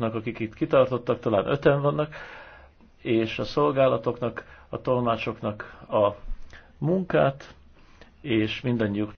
akik itt kitartottak, talán öten vannak, és a szolgálatoknak, a tolmácsoknak a munkát, és mindannyiuk